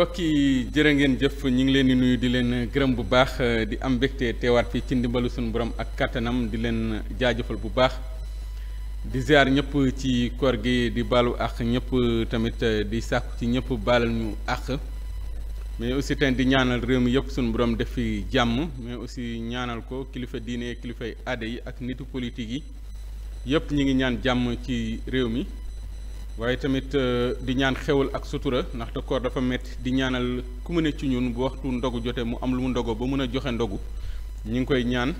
mbokk yi jërë ngeen jëf ñu ngi leen di nuyu di leen gërëm bu baax di am mbégte teewaat fii ci ndimbalu suñu borom ak kattanam di leen jaajëfal bu baax di ziar ñëpp ci koor gi di baalu àq ñëpp tamit di sàkku ci ñëpp baalal ñu àq mais aussi teen di ñaanal réew mi yëpp suñu borom def fi jàmm mais aussi ñaanal ko kilifa diine kilifay aada yi ak nitu politique yi yëpp ñu ngi ñaan jàmm ci réew mi. waaye tamit euh, di ñaan xewal ak sutura ndaxte koor dafa métti di ñaanal ku mu ne ci ñun bu waxtu ndogu jotee mu am lu mu ndogo ba mën a joxe ndogu ñu ngi koy ñaan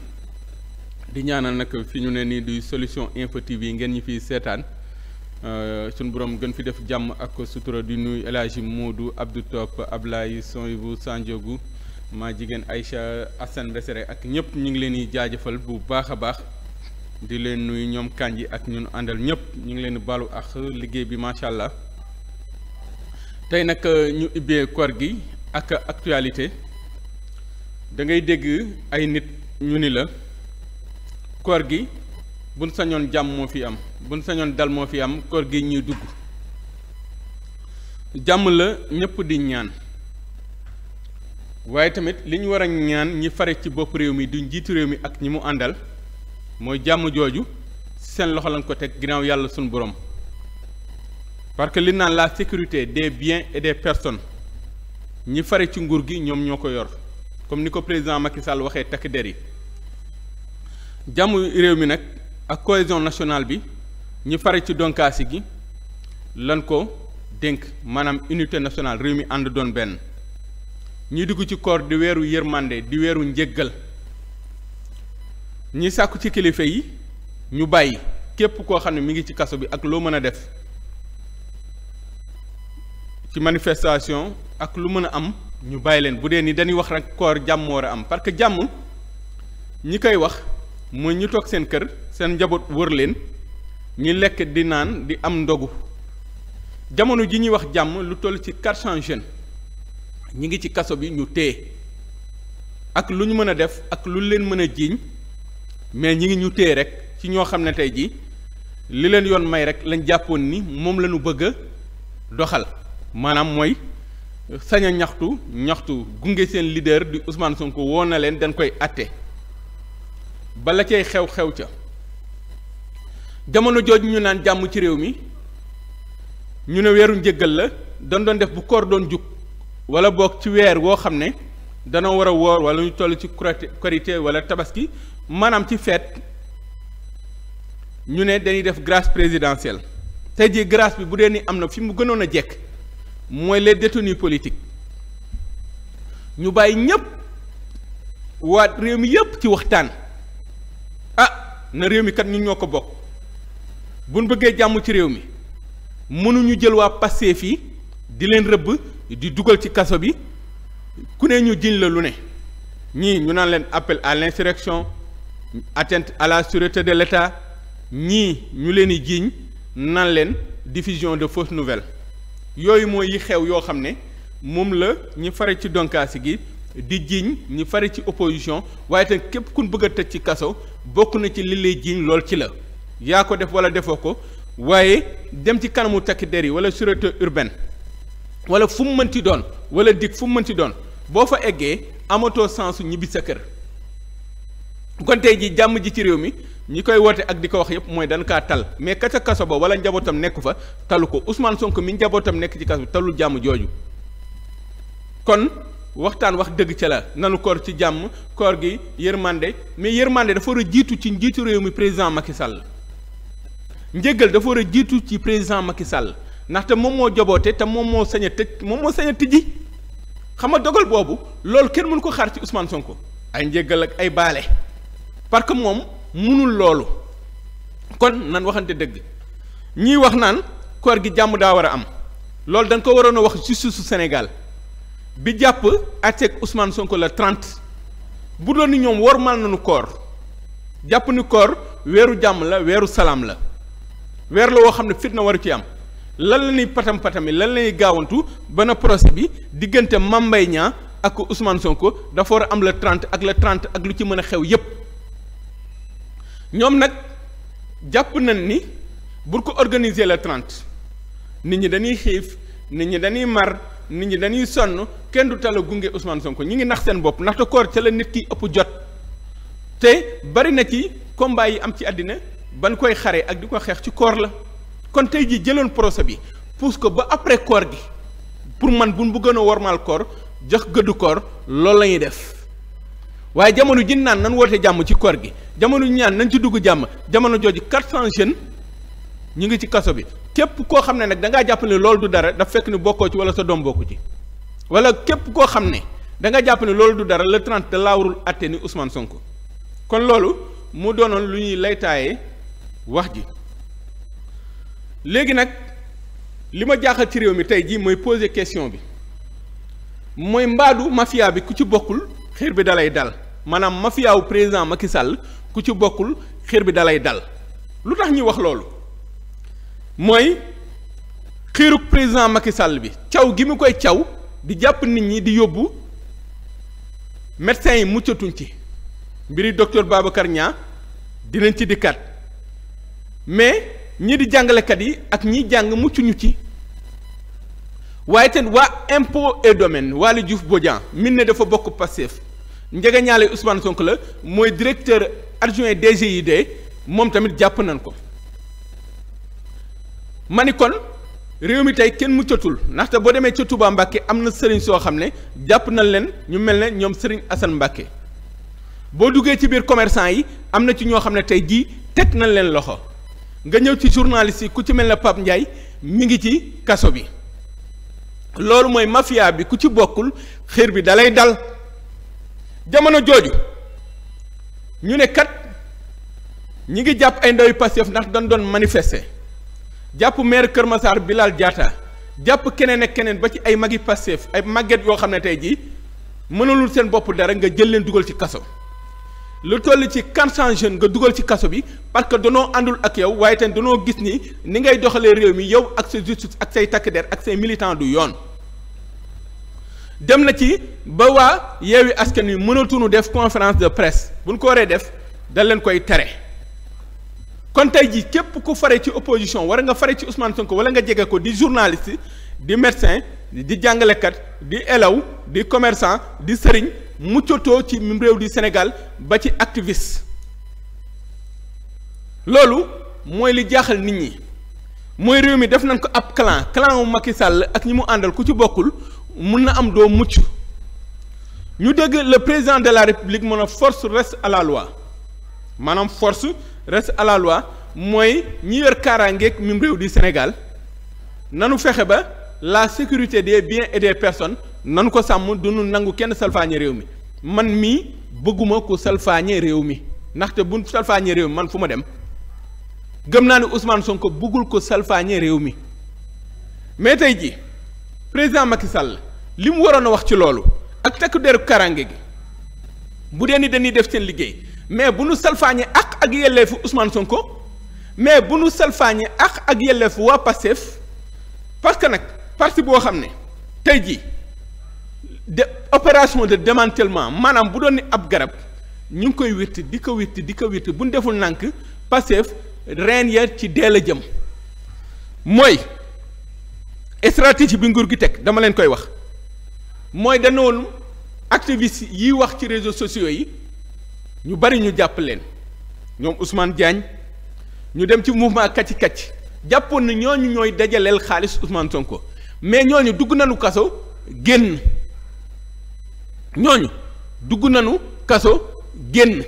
di ñaanal nag fi ñu ne nii di solution info TV yi ngeen ñu fi seetaan euh, suñu borom gën fi def jàmm ak sutura di nuyu El Hadji Modou Abdou Top Ablaye Sonibou Sanjogu maa jigéen Aïcha Assane Besere ak ñëpp ñu ngi leen di jaajëfal bu baax a baax. di leen nuyu ñoom Kandji ak ñun àndal ñëpp ñu ngi leen di baalu ak liggéey bi macha allah tey nag euh, ñu ubbee koor gi ak actualité da ngay dégg ay nit ñu ni la koor gi buñ sañoon jàmm moo fi am buñ sañoon dal moo fi am koor gi ñuy dugg jàmm la ñëpp di ñaan waaye tamit li ñu war a ñaan ñi fare ci bopp réew mi du njiitu réew mi ak ñi mu àndal. mooy jàmm jooju seen loxo lañ ko teg ginnaaw yàlla suñu borom parce que li naan la sécurité des biens et des personnes ñi fari ci nguur gi ñoom ñoo ko yor comme ni ko président Macky waxee takk der yi jàmm réew mi nag ak cohésion nationale bi ñi fari ci donkaasi gi lan ko dénk maanaam unité nationale réew mi ànd doon benn ñi dugg ci koor di weeru yërmande di weeru njëggal ñi sàkku ci kilifa yi ñu bàyyi képp koo xam ne mi ngi ci kaso bi ak loo mën a def ci manifestation ak lu mën a am ñu bàyyi leen bu dee nii dañuy wax rek koor jàmm war a am parce que jàmm ñi koy wax mooy ñu toog seen kër seen njaboot wër leen ñi lekk di naan di am ndogu jamono ji ñuy wax jàmm lu toll ci quatre cent jeunes ñi ngi ci kaso bi ñu téye ak lu ñu mën a def ak lu leen mën a jiiñ mais ñi ngi ñu téye rek ci ñoo xam ne tey jii li leen yoon may rek lañ jàppoon ni moom la ñu bëgg doxal maanaam mooy saña ñaxtu ñaxtu gunge seen leader di Ousmane Sonko woon na leen dañ koy atte bala cay xew-xew ca jamono jooju ñu naan jàmm ci réew mi ñu ne weeru njëggal la dañ doon def bu koor doon jug wala boog ci weer woo xam ne dana war a woor wala ñu toll ci korité wala tabaski maanaam ci fête ñu ne dañuy def grace présidentielle tey jii grace bi bu dee ni am na fi mu gënoon a jekk mooy les détenus politiques ñu bàyyi ñépp waat réew mi yépp ci waxtaan ah na réew mi kat ñun ñoo ko bokk buñ bëggee jàmm ci réew mi mënuñu jël waa passé fii di leen rëbb di dugal ci kaso bi ku ne ñu jiñ la lu ne ñii ñu naan leen appel à l'insurrection atteinte à la sûreté de l'État ñii ñu leen di jiiñ nan leen diffusion de fausses nouvelle yooyu mooy yi xew yoo xam ne moom la ñi fare ci donkaasi gi di jiiñ ñi fare ci opposition waaye tam képp kun bëgg a tëj ci kaso bokk na ci li lay jiiñ lool ci la yaa ko def wala defoo ko waaye dem ci kanamu takk der yi wala sûreté urbaine wala fu mu mënti doon wala dig fu mu mënti doon boo fa eggee amatoo sensu ñibbi sa kër kon tey ji jàmm ji ci réew mi ñi koy woote ak di ko wax yëpp mooy dañ kaa tal mais ka ca kaso ba wala njabootam nekku fa talu ko Ousmane sonk mi njabootam nekk ci kaso talul jàmm jooju kon waxtaan wax dëgg ca nanu koor ci jàmm koor gi yërmande mais yërmande dafa war a jiitu ci njiitu réew mi président Macky Sall njëggal dafa a jiitu ci président Macky Sall ndaxte moom moo joboote te moom moo sañ a moom moo sañ a xam nga dogal boobu loolu kenn mënu ko xaar ci Ousmane Sonko ay njëggal ak ay baale. parce que moom mënul loolu kon nan waxante dëgg ñiy wax naan koor gi jàmm daa war a am loolu dañ ko waroon a wax ci suufu Sénégal bi jàpp àtteeg Ousmane Sonko la 30 bu doon ni ñoom war man nañu koor jàpp ni koor weeru jàmm la weeru salaam la weer la woo xam ne fitna waru ci am lan la ñuy patam patami lan la gaawantu ba na procès bi diggante Mame Mbaye Niang ak Ousmane Sonko dafa war am le 30 ak le 30 ak lu ci mën a xew yépp ñoom nag jàpp nañ ni pour ko organiser le 30 nit ñi dañuy xiif nit ñi dañuy mar nit ñi dañuy sonn kenn du tala gunge Ousmane Sonko ñi ngi nax seen bopp ndaxte koor ca la nit ki ëpp jot te bari na ci combat yi am ci àddina ban koy xare ak di ko xeex ci koor la kon tey jii jëloon procès bi pousse ko ba après koor gi pour man buñ bu gën a wormaal koor jox gëddu koor loolu la ñuy def waaye jamono ji naan nan woote jàmm ci kor gi jamono ji naan nañ ci dugg jàmm jamono jooju quatre cent jeunes ñu ngi ci kaso bi képp koo xam ne nag da ngaa jàpp ne loolu du dara daf fekk ni bokkoo ci wala sa doom bokku ci wala képp koo xam ne da nga jàpp ne loolu du dara le trente de laawrul atte ni Ousmane Sonko kon loolu mu doonoon lu ñuy laytaaye wax ji léegi nag li ma jaaxal ci réew mi tey jii mooy poser question bi mooy mbaadu mafia bi ku ci bokkul xiir bi dalay dal maanaam mafia wu président Macky Sall ku ci bokkul xiir bi dalay dal lu tax ñuy wax loolu mooy xiiruk président Macky Sall bi caw gi mu koy caw di jàpp nit ñi di yóbbu médecins yi muccatuñ ci mbiri docteur Babacar Niang dinañ ci dikkaat mais ñi di jàngalekat yi ak ñiy jàng muccuñu ci waaye ten waa impôt et domaine Waly Diouf Bodian min ne dafa bokk Pastef njegeñaale Ousmane sonk la mooy directeur adjoint de moom tamit jàpp nañ ko ma ni kon réew mi tey kenn muccatul ndaxte boo demee ca Touba Mbacke am na sëriñ soo xam ne jàpp nañ leen ñu mel ne ñoom sëriñ Assane Mbacke boo duggee ci biir commerçant yi am na ci ñoo xam ne tey jii teg nañ leen loxo nga ñëw ci journaliste yi ku ci mel ne Pape Ndiaye mu ngi ci kaso bi loolu mooy mafia bi ku ci bokkul xir bi dalay dal. jamono jooju ñu ne kat ñi ngi jàpp ay ndawi Pastef ndax dañ doon manifester jàpp maire Kër Massar Bilal jaata jàpp keneen ak keneen ba ci ay magi Pastef ay màgget yoo xam ne tey jii mënalul seen bopp dara nga jël leen dugal ci kaso lu toll ci quatre cent jeunes nga dugal ci kaso bi parce que danoo àndul ak yow waaye tamit danoo gis ni ni ngay doxalee réew mi yow ak sa justice ak say takk der ak say militant du yoon dem na ci ba waa yeewi askan wi mënatuñu def conference de presse buñ ko waree def da leen koy tere kon tey jii képp ku faree ci opposition war nga fare ci Ousmane ko wala nga jege ko di journaliste di médecin di jàngalekat di elaw di commerçant di sëriñ muccatoo ci réew di Sénégal ba ci activiste loolu mooy li jaaxal nit ñi mooy réew mi def nañ ko ab clan clan wu Macky Sall ak ñi mu àndal ku ci bokkul mun na am doo mucc ñu dégg le président de la république mën a force reste à la maanaam force reste à mooy ñi yor kaaraangeeg mim réew di Sénégal nanu fexe ba la sécurité des bien et des personnes nanu ko sàmm duñu nangu kenn salfaañe réew mi man mii bëgguma ko salfaañe réew mi ndaxte bu salfaañe réew mi man fu ma dem gëm naa ne Ousmane ko bëggul ko salfaañe réew mi mais tey ji président Macky Sall li mu waroon a wax ci loolu ak takku deru karange gi bu dee ni dañuy def seen liggéey mais bu nu salfaañee ak ak yelleefu Ousmane Sonko mais bu nu salfaañee ak ak yelleefu waa Pastef parce que nag parti boo xam ne tey jii de opération de démantèlement maanaam bu doon ni ab garab ñu ngi koy witti di ko witti di ko witti bu ñu deful nànk Pastef reen ya ci dee la jëm mooy stratégie bi nguur gi teg dama leen koy wax. mooy danoon activiste yi wax ci réseaux sociaux yi ñu bari ñu jàpp leen ñoom Ousmane Diagne ñu dem ci mouvement kacc kacci jàppoon na ñooñu ñooy dajaleel xaalis Ousmane Sonko mais ñooñu dugg nañu kaso génn ñooñu dugg nañu kaso génn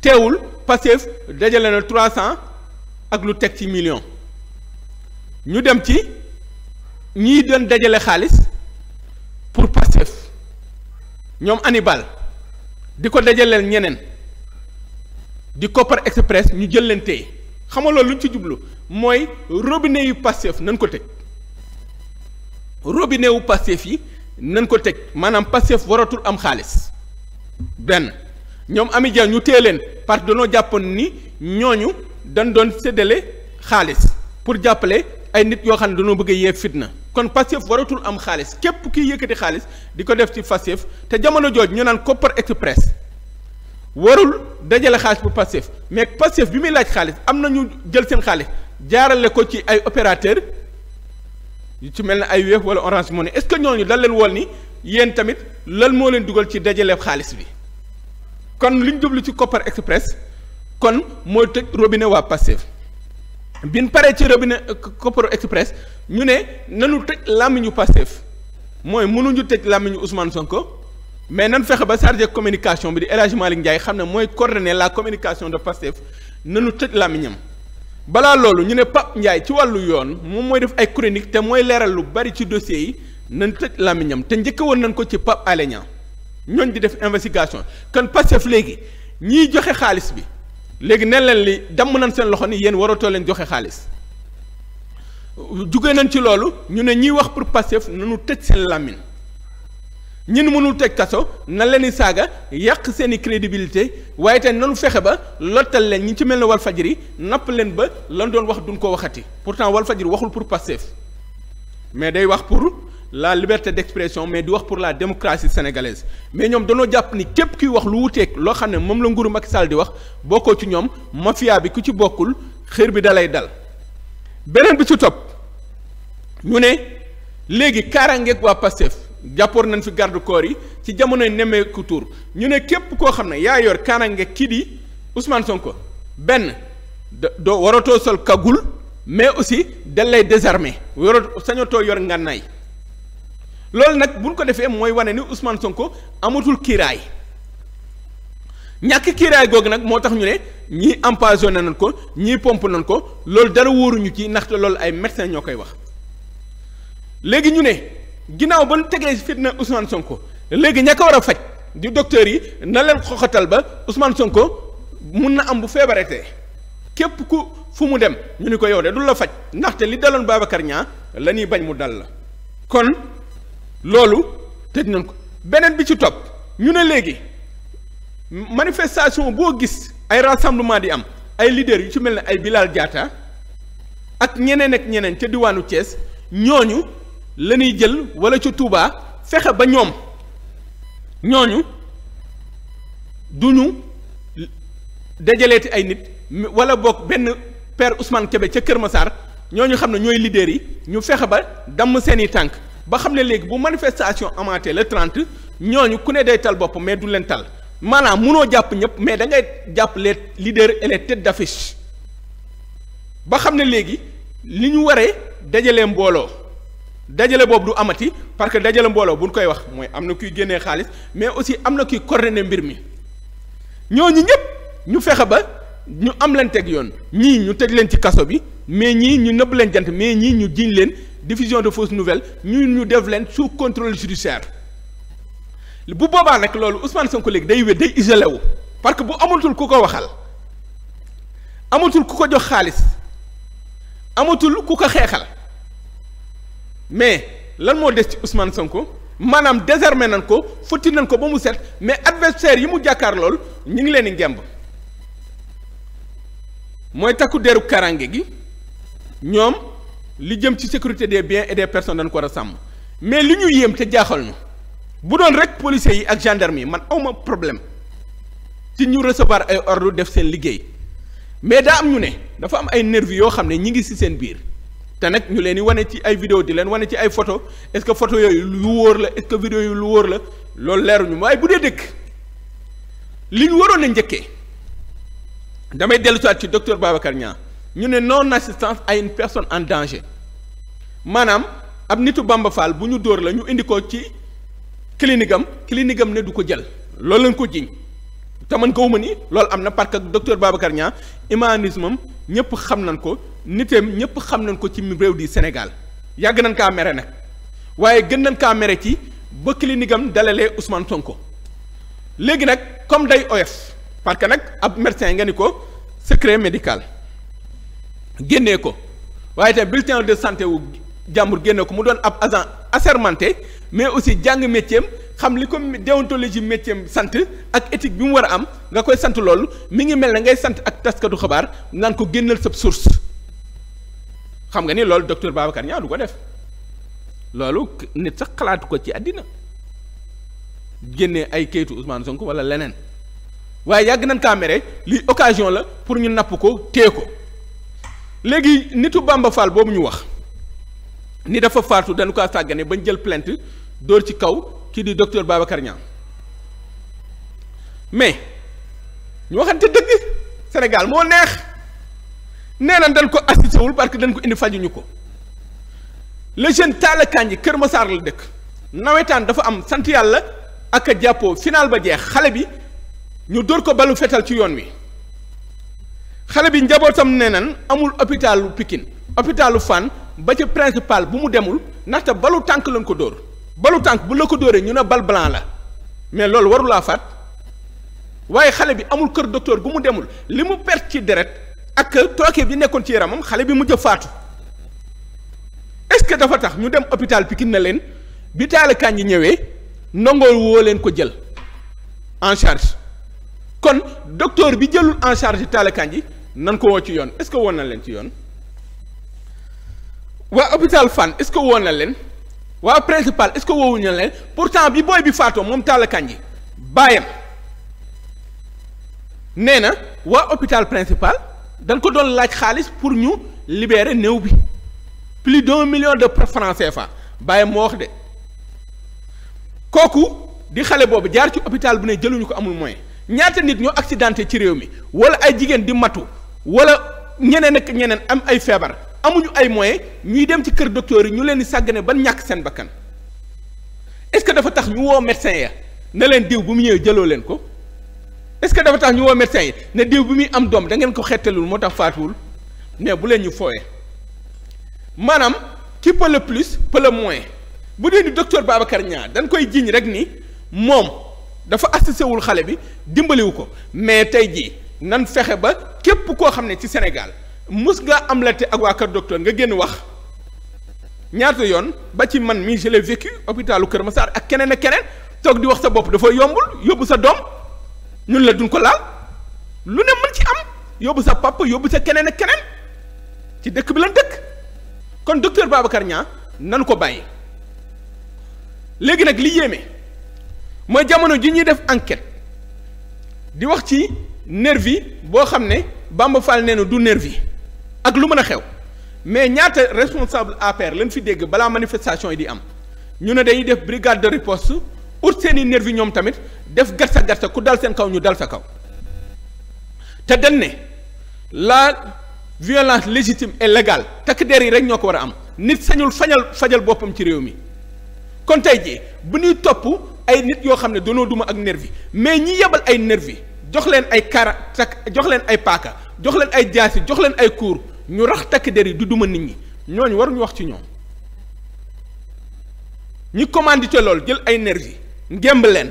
teewul Pastef dajale na trois cent ak lu teg ci million ñu dem ci ñii doon dajale xaalis pour Pastef ñoom Hannibal di ko dajaleel ñeneen di Kopar Express ñu jël leen tey xam nga loolu lu ci jublu mooy robinet yu Pastef nañ ko tëj robinet wu Pastef yi nañ ko tëj maanaam Pastef waratul am xaalis benn ñoom Ami Dia ñu téye leen parce que dañoo jàppoon ni ñooñu dañ doon séddale xaalis pour jàppale ay nit yoo xam ne dañoo bëgg a yee fitna. kon Pastef waratul am xaalis képp kiy yëkkati xaalis di ko def ci Pastef te jamono jooj ñu naan Kopar Express warul dajale xaalis bu Pastef mais Pastef bi muy laaj xaalis am na ñu jël seen xaalis jaarale ko ci ay opérateur yu ci mel ne ay Wave wala Orange Money est-ce que ñooñu dal leen woon ni yéen tamit lan moo leen dugal ci dajale xaalis bi kon li ñu jublu ci Kopar Express kon mooy tëj robinet waa Pastef bin paree ci robinet Koparo euh, Express ñu ne nanu tëj làmmiñu Pastef mooy mënuñu tëj làmmiñu Ousmane Sonko mais nan fexe ba chargé communication bi di El Hadj Malick Ndiaye xam ne mooy coordonner la communication de Pastef nanu tëj làmmiñam balaa loolu ñu ne Pape Ndiaye ci wàllu yoon moom mooy def ay chronique te mooy leeral lu bari ci dossiers yi nan tëj làmmiñam te njëkk woon nañ ko ci Pape Alé ñooñ di def investigation kon Pastef léegi ñiy joxe xaalis bi léegi ne leen li damm nañ seen loxo ni yéen waratoo leen joxe xaalis jugee nañ ci loolu ñu ne ñiy wax pour Pastef nañu tëj seen làmmiñ ñin mënul tëj kaso na leen i saaga yàq seen i crédibilité waaye te nanu fexe ba lottal leen ñi ci mel ne Walfadjri napp leen ba lan doon wax duñ ko waxati pourtant Walfadjri waxul pour Pastef mais day wax pour la liberté d'expression mais di wax pour la démocratie sénégalaise mais ñoom danoo jàpp ni képp kuy wax lu wuteek loo xam ne moom la nguuru ak Sall di wax bokkoo ci ñoom mafia bi ku ci bokkul xër bi dalay dal beneen bi ci topp ñu ne léegi kaaraangeeg waa Pastef jàppoon nañ fi garde corps yi ci jamonoy nemmeeku tur ñu ne képp koo xam ne yaa yor kaaraangeeg kii di son ko benn doo waratoo sol kagul mais aussi dañ lay désarmer waratoo sañatoo yor ngànnaay loolu nag bu ñu ko defee mooy wane ni Ousmane Sonko amatul kiiraay ñàkk kiiraay googu nag moo tax ñu ne ñii na nañ ko ñii pomp nañ ko loolu dara wóoruñu ci ndaxte loolu ay médecins ñoo koy wax léegi ñu ne ginnaaw ba ñu tegee fitna Ousmane Sonko léegi ña ko war a faj di docteurs yi na leen xoxatal ba Ousmane Sonko mun na am bu feebaretee képp ku fu mu dem ñu ni ko yow de du la faj ndaxte li daloon Babacar Niang la ñuy bañ mu dal la loolu tëj nañ ko beneen bi ci topp ñu ne léegi manifestation boo gis ay rassemblement di am ay leaders yu ci mel ne ay Bilal jaata ak ñeneen ak ñeneen ca diwaanu cees ñooñu la ñuy jël wala ca tuubaa fexe ba ñoom ñooñu duñu dajaleeti ay nit wala boog benn père Ousmane Kébé ca Kër masaar ñoo ñu xam ne ñooy leaders yi ñu fexe ba damm seeni tànk ba xam ne léegi bu manifestation la le ñoo ñu ku ne day tal bopp mais du leen tal maanaam munoo jàpp ñëpp mais dangay ngay jàpp les leaders et les ba xam ne léegi li ñu waree dajale mbooloo dajale boobu du amati parce que dajale mbooloo buñ koy wax mooy am na kuy génnee xaalis mais aussi am na kuy coordonné mbir mi ñooñu ñëpp ñu fexe ba ñu am leen teg yoon ñii ñu tëj leen ci kaso bi mais ñii ñu nëbb leen jant mais ñii ñu jiiñ leen. diffusion de fausses nouvelles ñu ñu def leen sous contrôle judiciaire bu boobaa nag loolu Ousmane Sonko léegi day wér day isolé wu parce que bu amatul ku ko waxal amatul ku ko jox xaalis amatul ku ko xeexal mais lan moo des ci Ousmane Sonko maanaam désarmé nañ ko futti nañ ko ba mu set mais adversaire yi mu jàkkaar lool ñu ngi leen di ngemb mooy takku deru karange gi ñoom. li jëm ci sécurité des bien et des personnes ko war a sàmm mais li ñuy yéem te jaaxal ñu bu doon rek policiers yi ak gendarme yi man awma problème ci ñu recevoir ay ordre def seen liggéey mais daa am ñu ne dafa am ay nervis yoo xam ne ñi ngi si seen biir te nag ñu leen di wane ci ay vidéo di leen wane ci ay photo est-ce que photo yooyu lu wóor la est-ce que vidéo lu wóor la loolu leeruñu waaye bu dee dëkk li ñu waroon a njëkkee damay dellusiwaat ci docteur Babacar ñu ne non assistance à une personne en danger maanaam ab nitu Bamba bu ñu dóor la ñu indi ko ci clinique am clinique am ne du ko jël loolu lañ ko jiñ te man gawuma ni loolu am na parce que docteur Babacar Niang humanisme am ñëpp xam nañ ko niteem ñëpp xam nañ ko ci réew di Sénégal yàgg nañ kaa mere nag waaye gën nañ kaa mere ci ba clinique am dalalee Ousmane Sonko léegi nag comme day oyof parce que nag ab médecin nga ni ko secret médical. génnee ko waaye tamit bulletin de santé wu jàmbur génne ko mu doon ab agent assermenté mais aussi jàng métier xam li ko déontologie métier am sant ak éthique bi mu war a am nga koy sant loolu mi ngi mel ne ngay sant ak taskatu xabaar naan ko génnal sa source xam nga ni loolu docteur Babacar Niang du ko def loolu nit sax xalaatu ko ci àddina génne ay kayitu Ousmane Sonko wala leneen waaye yàgg nañ kaa mere lii occasion la pour ñu napp ko téye ko. léegi nitu Bamba Fall boobu ñu wax ni dafa faatu dañu kaa sàggane bañ jël plainte dóor ci kaw kii di docteur Babacar Niang mais ñu waxante dëgg Sénégal moo neex nee na dañ ko assisté wul parce que dañ ko indi fajuñu ko le jeune Talla Kandji Kër Massar la dëkk nawetaan dafa am sant yàlla ak a jàppoo final ba jeex xale bi ñu dóor ko balu fetal ci yoon wi xale bi njabootam ne nan amul hôpitalu Pikine hôpitalu Fann ba ci principal bu mu demul ndaxte balu tànk lañ ko dóor balu tànk bu la ko dóoree ñu ne bal blanc la mais loolu warulaa faat waaye xale bi amul kër docteur bu mu demul li mu perte ci deret ak tooke bi nekkoon ci yaramam xale bi mujj faatu est-ce que dafa tax ñu dem hôpital Pikine na leen bi taalakaan yi ñëwee ndongool woo leen ko jël en charge kon docteur bi jëlul en charge taalakaan yi nan ko woo ci yoon est-ce que woon na leen ci yoon waa hôpital Fann est-ce que woon na leen waa principal est-ce que woowuñu leen pourtant bi booy bi faatoo moom Talla Kandji bàyyam nee na waa hôpital principal dañ ko doon laaj xaalis pour ñu libérer néew bi plus d'un million de francs CFA bàyyam moo wax de kooku di xale boobu jaar ci hôpital bu ne jëluñu ko amul moyen ñaata nit ñoo accidenté ci réew mi wala ay jigéen di matu wala ñeneen ak ñeneen am ay feebar amuñu ay moyens ñuy dem ci kër docteur yi ñu leen di sàggane ban ñàkk seen bakkan est-ce que dafa tax ñu woo médecin ya ne leen diw bu mu ñëwee jëloo leen ko est-ce que dafa tax ñu woo médecin yi ne diw bi muy am doom da ngeen ko xettalul moo tax faatuwul mais bu leen ñu fooyee maanaam qui peut le plus peut le bu dee ni docteur Babacar Niang dañ koy jiiñ rek ni moom dafa assisté wul xale bi dimbaliwu ko mais tey jii. nan fexe ba képp koo xam ne ci Sénégal mus nga am la te ak waa kër docteur nga génn wax ñaata yoon ba ci man mi je l'ai vécu kër Kër Massar ak keneen ak keneen toog di wax sa bopp dafa yombul yóbbu sa doom ñun la duñ ko laal lu ne mën ci am yóbbu sa papa yóbbu sa keneen ak keneen ci dëkk bi lan dëkk kon docteur Babacar Niang nan ko bàyyi léegi nag li yéeme mooy jamono ji ñuy def enquête di wax ci. nervi boo xam ne Bamba Fall nee na du nervi ak lu mën a xew mais ñaata responsable APR lañ fi dégg balaa manifestation yi di am ñu ne dañuy def brigade de riposte ut seeni i nervi ñoom tamit def garsa garsa ku dal seen kaw ñu dal sa kaw te dañ ne la violence légitime et légale takk der yi rek ñoo ko war a am nit sañul fajal fajal boppam ci réew mi kon tey jii bu ñuy topp ay nit yoo xam ne danoo duma ak nervi mais ñi yebal ay nervi jox leen ay kara tak jox leen ay paaka jox leen ay jaasi jox leen ay kuur ñu rax takk der yi du duma nit ñi ñooñu ñu wax ci ñoom ñi commandité lool jël ay énergie ngemb leen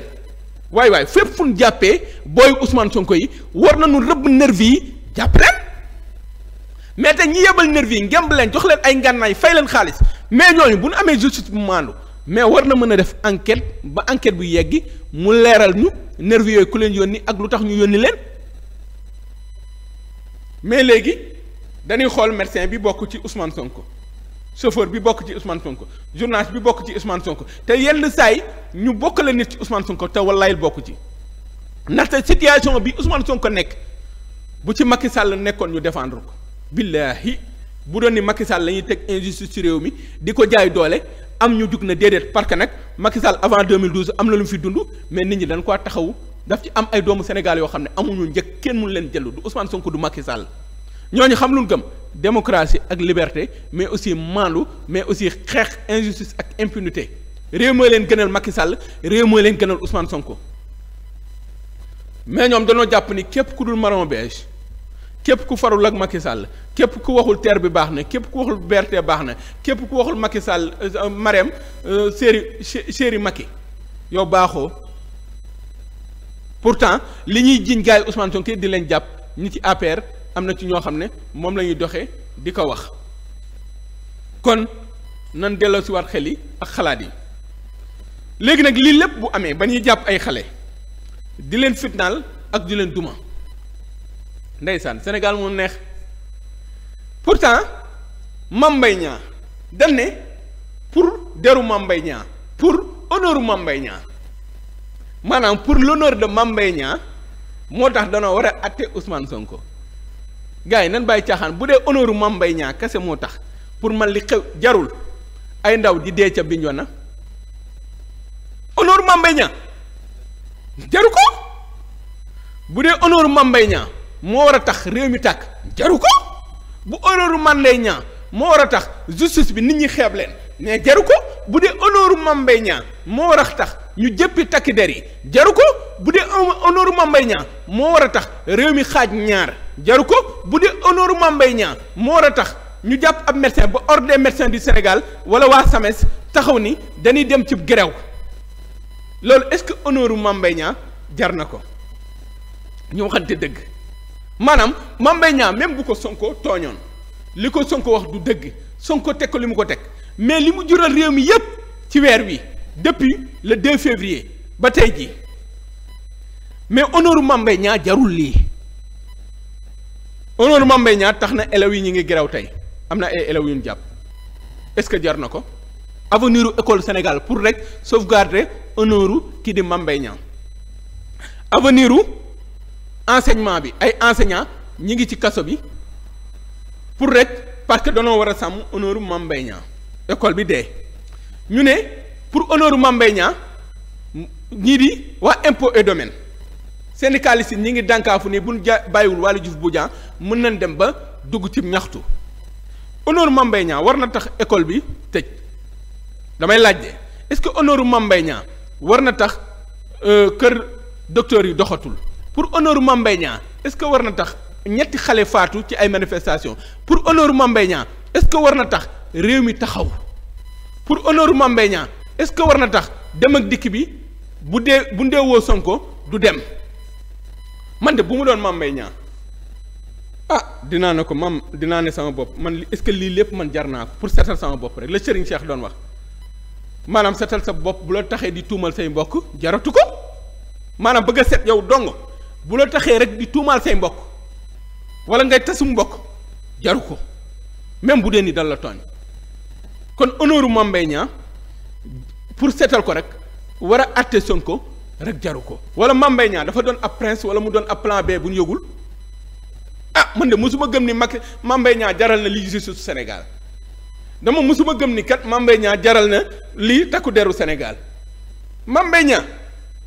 waay waay fépp fu ñu jàppee booy Ousmane Sonko yi war nañu rëbb nervi jàpp leen mais te ñi yebal nervi yi ngemb leen jox leen ay ngànnaay fay leen xaalis mais ñooñu bu ñu amee justice bu maandu mais war na mën a def enquête ba enquête bu yegg mu leeral ñu nervis yooyu ku leen yónni ak lu tax ñu yónni leen mais léegi dañuy xool médecin bi bokk ci Ousmane Sonko chauffeur bi bokk ci Ousmane Sonko journaliste bi bokk ci Ousmane ko te yenn saa ñu ñu bokkale nit ci Ousmane Sonko te wallaay bokk ci ndaxte situation bi son ko nekk bu ci Macky sàll nekkoon ñu défendre ko billaahi bu doon ni Macky Sall la ñuy teg injustice ci réew mi di ko jaay doole am ñu jug na déedéet parce que nag Macky Sall avant 2012 am na lu fi dund mais nit ñi dañ koo taxawu daf ci am ay doomu Sénégal yoo xam ne amuñu njëkk kenn mun leen jëlu du Ousmane Sonko du Macky Sall ñooñu xam lu ñu gëm démocratie ak liberté mais aussi maandu mais aussi xeex injustice ak impunité réew moo leen gënal Macky Sall réew moo leen gënal Ousmane Sonko mais ñoom danoo jàpp ni képp ku dul marron beige. képp ku farul ak Macky Sall képp ku waxul TER bi baax na képp ku waxul BRT baax na képp ku waxul Macky Sall euh, euh, Marème chéri euh, chéri Macky yow baaxoo pourtant li ñuy jiñ gars yi Ousmane di leen jàpp ñi ci APR am na ci ñoo xam ne moom lañuy doxee di ko wax kon nan delloo si waat xel yi ak xalaat yi léegi nag lii lépp bu amee ba ñuy jàpp ay xale di leen fitnaal ak di leen duma ndeysaan Sénégal moom neex pour Mame Mbaye Niang dañ ne pour deru Mame Mbaye pour honneur Mame Mbaye maanaam pour l'honneur de Mame Mbaye moo tax danoo war a atte Ousmane Sonko gars yi nan bàyyi caaxaan bu dee honneur Mame Mbaye Niang kese moo tax pour man li xew jarul ay ndaw di dee ca Bignona na Mame Mbaye Niang jaru ko bu dee honneur Mame Mbaye moo war a tax réew mi tàkk jaru ko bu honneur man lay ñaa moo war a tax justice bi nit ñi xeeb mais jaru ko bu dee honneur Mame moo war a tax ñu jëpp takk der yi jaru ko bu dee honneur Mame Mbaye moo war a tax réew mi xaaj ñaar jaru ko bu dee honneur Mame Mbaye moo war a tax ñu jàpp ab médecin ba ordre des médecins du Sénégal wala waa SAMES taxaw ni dañuy dem ci grève loolu est-ce que honneur Mame jar na ko ñu waxante dëgg maanaam Mame Mbaye même bu ko Sonko tooñoon li ko Sonko wax du dëgg Sonko teg ko li mu ko teg mais li mu jural réew mi yépp ci weer wi depuis le 2 février ba tey jii mais honneur Mame jarul lii honneur Mame tax na élèves yi ñu ngi grève tey am na ay élèves yu ñu jàpp est que jar na ko avenir école Sénégal pour rek sauvegarder honneur ki di Mame Mbaye Niang enseignement bi ay enseignants ñi ngi ci kaso bi pour rek parce que danoo war a sàmm honneur Mame Mbaye école bi de ñu ne pour honneur Mame ñii di waa impôt et domaine syndicalistes yi ñi ngi dànkaafu ne bu ja bàyyiwul wàllu juf bu jaan mën nañ dem ba dugg ci ñaxtu honneur Mame war na tax école bi tëj damay laajte est-ce que honneur Mame war na tax euh, kër docteur yi doxatul pour honneur Mame Mbaye Niang est-ce que war na tax ñetti xale faatu ci ay manifestations pour honneur Mame Mbaye Niang ce que war na tax réew mi taxaw pour honneur Mame Mbaye Niang est-ce que war na tax dem ak dikk bi bu dee bu ndeewoo Sonko du dem man de bu mu doon Mame Mbaye Niang ah dinaa ne ko man dinaa ne sama bopp man est-ce que lii lépp man jar naa ko pour setal sama bopp rek la Serigne Cheikh doon wax maanaam setal sa bopp bu la taxee di tuumal say mbokk jaratu ko maanaam bëgg a set yow dong bu la taxee rek di tuumaal say mbokk wala ngay tasum mbokk jaru ko même bu dee nii dal la ton kon honneur Mame Mbaye pour seetal ko rek war a àtte ko rek jaru ko wala Mame Mbaye dafa doon ab prince wala mu doon ab plan B bu ñu yëgul ah man de mosuma gëm ni mag Mame Mbaye jaral na lii justice Sénégal dama mosuma gëm ni kat Mame Mbaye jaral na li takku deru senegal Mame Mbaye Niang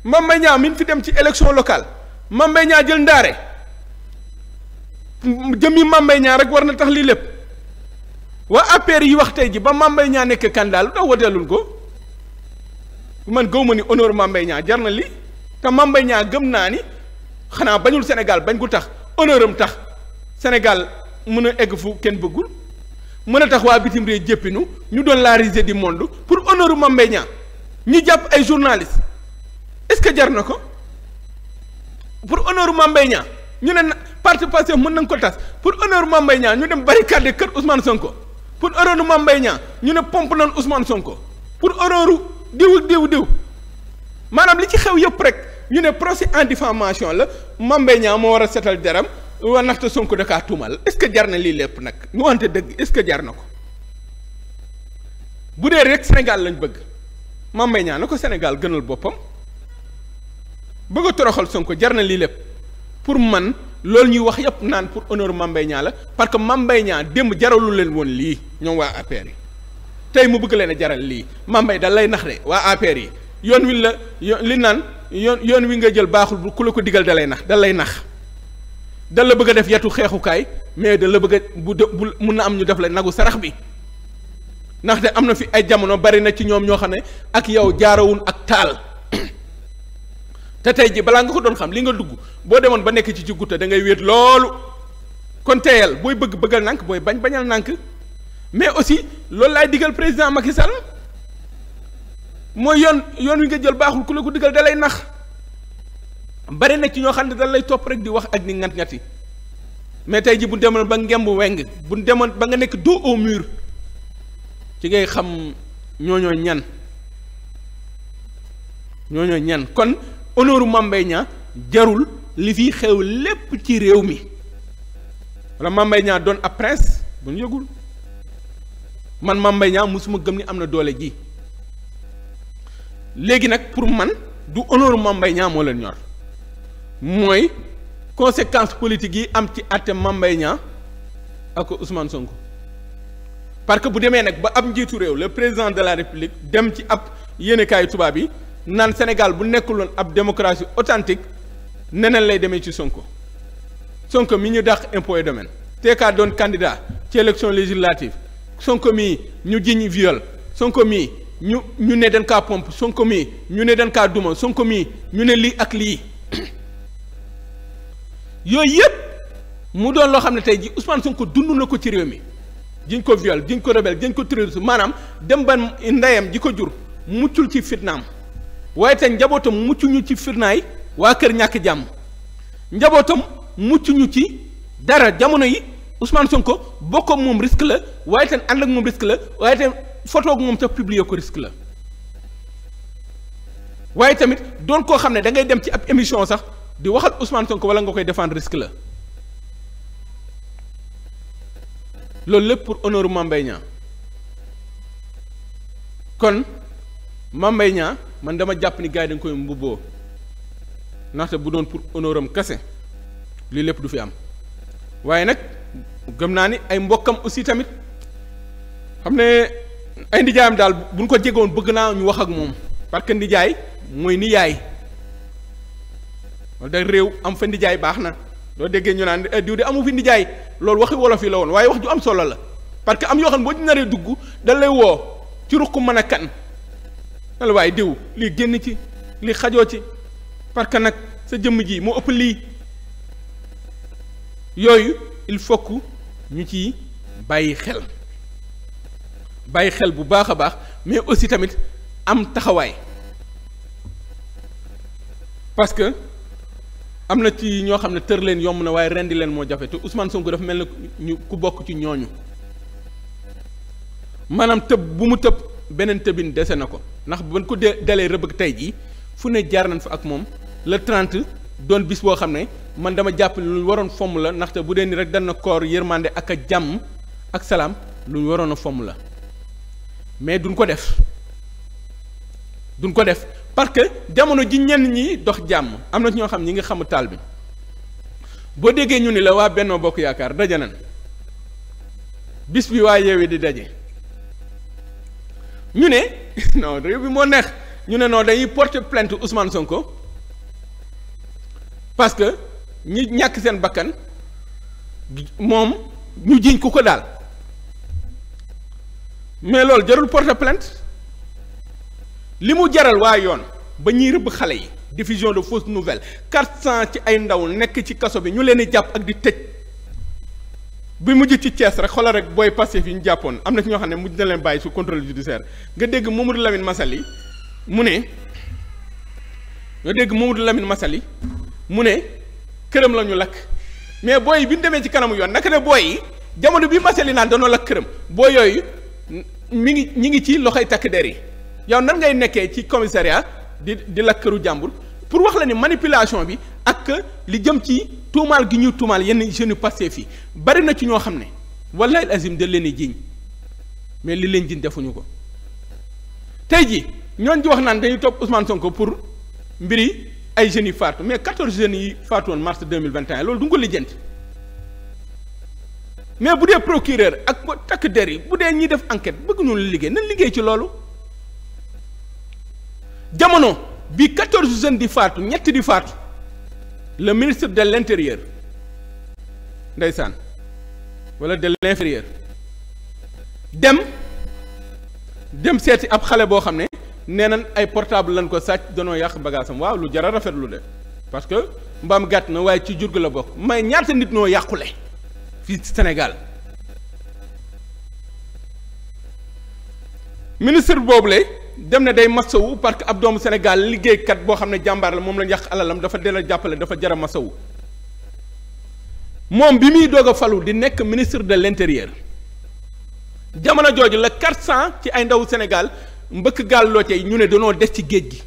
Mame Mbaye min fi dem ci élection locale Mame Mbaye jël ndaare jëmmi Mame Mbaye Niang rek war na tax lii lépp waa APR yi wax tey ji ba Mame Mbaye Niang nekk candidat lu tax woteelul ko man gëw ma ni honneur Mame jar na li te Mame Mbaye gëm naa ni xanaa bañul Sénégal bañ gu tax honneuram tax Sénégal mën a egg fu kenn bëggul mën a tax waa bitim réew jéppinu ñu doon laa risée du monde pour honneur Mame Mbaye ñu jàpp ay journaliste est-ce que jar na ko pour honneur Mame Mbaye Niang ñu ne parti Pastef mën nañ ko tas pour honneur Mame Mbaye Niang ñu dem barricade kër Ousmane Sonko pour honneur Mame Mbaye ñu ne pompe nañ Ousmane Sonko pour honneur diw diw diw maanaam li ci xew yëpp rek ñu ne procès en diffamation la Mame Mbaye moo war a setal deram waa naxte Sonko da kaa tuumal est-ce que jar na lii lépp nag ñu wante dëgg est-ce que jar na ko bu dee rek Sénégal lañ bëgg Mame na ko Sénégal gënal boppam. bëgg toroxal sonk jar na lii lépp pour man loolu ñuy wax yëpp naan pour honneur Mame la parce que Mame démb jaralu leen woon lii ñoom waa APR yi tey mu bëgg leen a jaral lii Mame Mbaye da lay nax de waa APR yi yoon wi la yoon li naan yoon yoon wi nga jël baaxul ku la ko digal dalay nax da lay nax da bëgg def yatu xeexukaay mais da la bëgg bu de bu mun na am ñu def la nagu sarax bi ndaxte am na fi ay jamono bari na ci ñoom ñoo xam ne ak yow jaarawun ak taal. te tey ji balaa nga ko doon xam li nga dugg boo demoon ba nekk ci ci gutta da ngay wéet loolu kon teyal booy bëgg bëggal nànk booy bañ bañal nànk mais aussi loolu laay digal président Macky Sall mooy yoon yoon wi nga jël baaxul ku la ko digal dalay nax bari na ci ñoo xam ne da lay topp rek di wax ak ni ngat-ngati mais tey ji bu demoon ba ngemb weng bu demoon ba nga nekk doo au mur ci ngay xam ñooñoo ñan ñooñoo ñan kon honneur Mame jarul li fi xew lépp ci réew mi wala Mame doon ab prince bu yëgul man Mame Mbaye Niang mosuma gëm ni am na doole ji léegi nag pour man du honneur Mame Mbaye moo leen ñor mooy conséquence politique yi am ci àtte Mame Mbaye Niang ak Ousmane Sonko parce que bu demee nag ba ab njiitu réew le président de la république dem ci ab yéenekaayu tubaab yi naan Sénégal bu nekkuloon ab démocratie authentique neneen lay demee ci Sonko Sonko mi ñu dàq impôt et domaine teekaat doon candidat ci élection législative Sonko mi ñu jiñ viol Sonko mii ñu ñu ne dañ kaa Sonko mi ñu ne dañ kaa duma Sonko mi ñu ne lii ak lii yooyu yëpp mu doon loo xam ne tey ji Ousmane Sonko dund na ko ci réew mi jiñ ko viol jiñ ko rebelle jiñ ko terroriste maanaam dem ba ndeyam ji ko jur muccul ci fitnaam waaye njabootam muccuñu ci firnaay waa kër ñàkk jàmm njabootam muccuñu ci dara jamono yi Ousmane Sonko bokk ak moom risque la waaye ten ak moom risque la waaye ten moom ca publier ko risque la waaye tamit doon koo xam ne da ngay dem ci ab émission sax di waxal Ousmane Sonko wala nga koy défendre risque la loolu lépp pour honneur Mame kon Mame Mbaye man dama jàpp ni gars yi dañ koy mbubboo ndaxte bu doon pour honoram kese lii lépp du fi am waaye nag gëm naa ni ay mbokkam aussi tamit xam ne ay ndijaayam daal buñ ko jegoon bëgg naa ñu wax ak moom parce que ndijaay mooy nijaay yaay da réew am fa ndijaay baax na doo déggee ñu naan eh, diw di amu fi ndijaay loolu waxi wolof yi la woon waaye wax ju am solo la parce que am yoo xam ne boo ci naree dugg da woo ci ruq mën a kan la waaye diw lii génn ci lii xajoo ci parce que nag sa jëmm ji moo ëpp lii yooyu il faut que ñu ci bàyyi xel bàyyi xel bu baax a baax mais aussi tamit am taxawaay parce que am na ci ñoo xam ne tër leen yomb na waaye rendi leen moo jafe te Ousmane Sonko dafa mel na ñu ku bokk ci ñooñu maanaam tëb bu mu tëb beneen tëbin dese na ko ndax ban ko de dalee rëbëg tey jii fu ne jaar nañ fa ak moom le 30 doon bis boo xam ne man dama jàpp lu waroon fomm la ndaxte bu dee ni rek dal na koor yërmande ak a jàmm ak salaam lu waroon a fomm la mais duñ ko def duñ ko def parce que jamono ji ñenn ñi dox jàmm am na ñoo xam ñi nga xamu taal bi boo déggee ñu ni la waa Benno Bokk Yaakaar daje nañ bis bi waa Yewwi di daje. ñu ne non réew bi moo neex ñu ne non dañuy porter plainte Ousmane Sonko parce que ñi ñàkk seen bakkan moom ñu jiiñ ku ko daal mais loolu jarul porte plainte li mu jaral waa yoon ba ñuy rëbb xale yi diffusion de fausses nouvelle quatre cent ci ay ndaw nekk ci kaso bi ñu leen jàpp ak di tëj bi mujj ci Thiès rek xoolal rek booy Pastef yi ñu jàppoon am na ci ñoo xam ne mujj na leen bàyyi su contrôle judiciaire nga dégg Mamadou mu ne nga dégg Mamadou Lamine Massaly mu ne këram la ñu lakk mais booy yi bi ñu demee ci kanamu yoon naka ne booy yi jamono bi Massaly naan danoo lakk këram booy yooyu mi ngi ñi ngi ci loxoy takk der yi yow nan ngay nekkee ci commissariat di di lakk këru jàmbur. pour wax la ni manipulation bi ak li jëm ci tuumaal gi ñuy tuumaal yenn jeunes yu passé fii bari na ci ñoo xam ne wallahi azim da leen jiiñ mais li leen jiiñ defuñu ko tey jii ñooñu di wax naan dañuy topp Ousmane ko pour mbiri ay jeunes yi faatu mais quatorze jeunes yi faatu woon mars deux mille vingt et un loolu du nga ko lijjanti mais bu dee procureur ak ba takk der yi bu dee ñiy def enquête bëgg ñu liggéey nañ liggéey ci loolu jamono. bi quatorze jeunes di faatu ñetti di faatu le ministre de l'intérieur ndeysaan wala de l'inférieur dem dem seeti ab xale boo xam ne nee nañ ay portable lañ ko sàcc danoo yàq bagaasam waaw lu jara rafet lu de parce que mbaam gàtt na waaye ci jur gi la bokk may ñaata nit noo yàqule fii Sénégal ministre boobu le dem na day masawu parce que ab doomu Sénégal liggéeykat boo xam ne jàmbaar la moom lañ yàq alalam dafa delloo jàppale dafa jar a moom bi muy doog a falu di nekk ministre de l'intérieur jamono jooju la 400 ci ay ndawu Sénégal mbëkk gaal loo tey ñu ne danoo des ci géej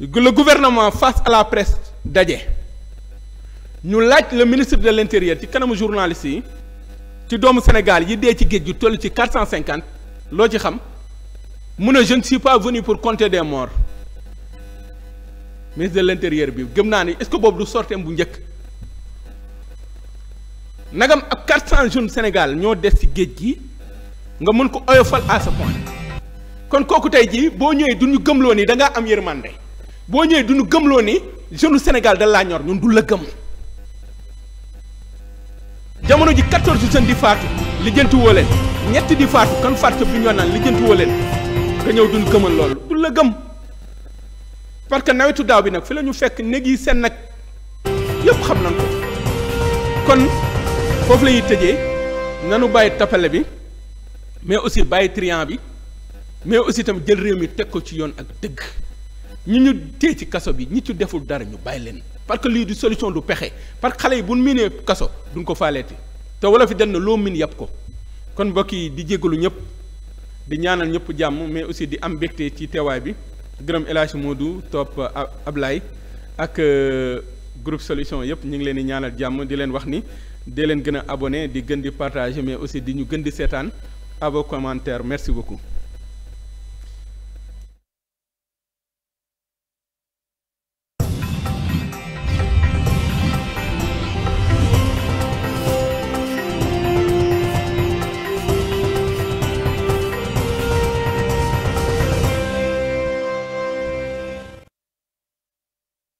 gi le gouvernement face à la presse daje ñu laaj le ministre de l'intérieur ci kanamu journaliste yi ci doomu Sénégal yi dee ci géej gi toll ci 450 loo ci xam. mu ne jeune ne pas venu pour compter des morts ministre de l'intérieur bi gëm naa ni est-ce que boobu du sorteem bu njëkk nagam ab quatre cent jeunes Sénégal ñoo des ci géej gi nga mën ko oyofal à ce kon kooku tey jii boo ñëwee duñu ñu gëmloo nii da ngaa am yërmande boo ñëwee du ñu gëmloo ni jeune Sénégal da laa ñor ñun du la gëm jamono ji quatorze jeunes di faatu lijjanti woo leen ñetti di faatu kan faatu bi ñoo naan leen. nga ñëw duñ gëmal loolu du la gëm parce que nawetu daaw bi nag fi la ñu fekk néeg yi seen nag yëpp xam nañ ko kon foofu la ñuy tëjee nanu bàyyi tapale bi mais aussi bàyyi triant bi mais aussi tamit jël réew mi teg ko ci yoon ak dëgg ñi ñu téye ci kaso bi ñi ci deful dara ñu bàyyi leen parce que lii di solution du pexe parce que xale yi bu ñu miinee kaso duñ ko faaleeti te wala fi dem na loo miin yàpp ko kon mbokk yi di jégalu ñëpp. di ñaanal ñëpp jàmm mais aussi di am mbégte ci teewaay bi gërëm El moo du topp Ablaye ak euh, groupe solution yëpp ñu ngi leen di ñaanal jàmm di leen wax ni di leen gën a abonné di gën di partage mais aussi di ñu gën di seetaan à vos commentaires merci beaucoup.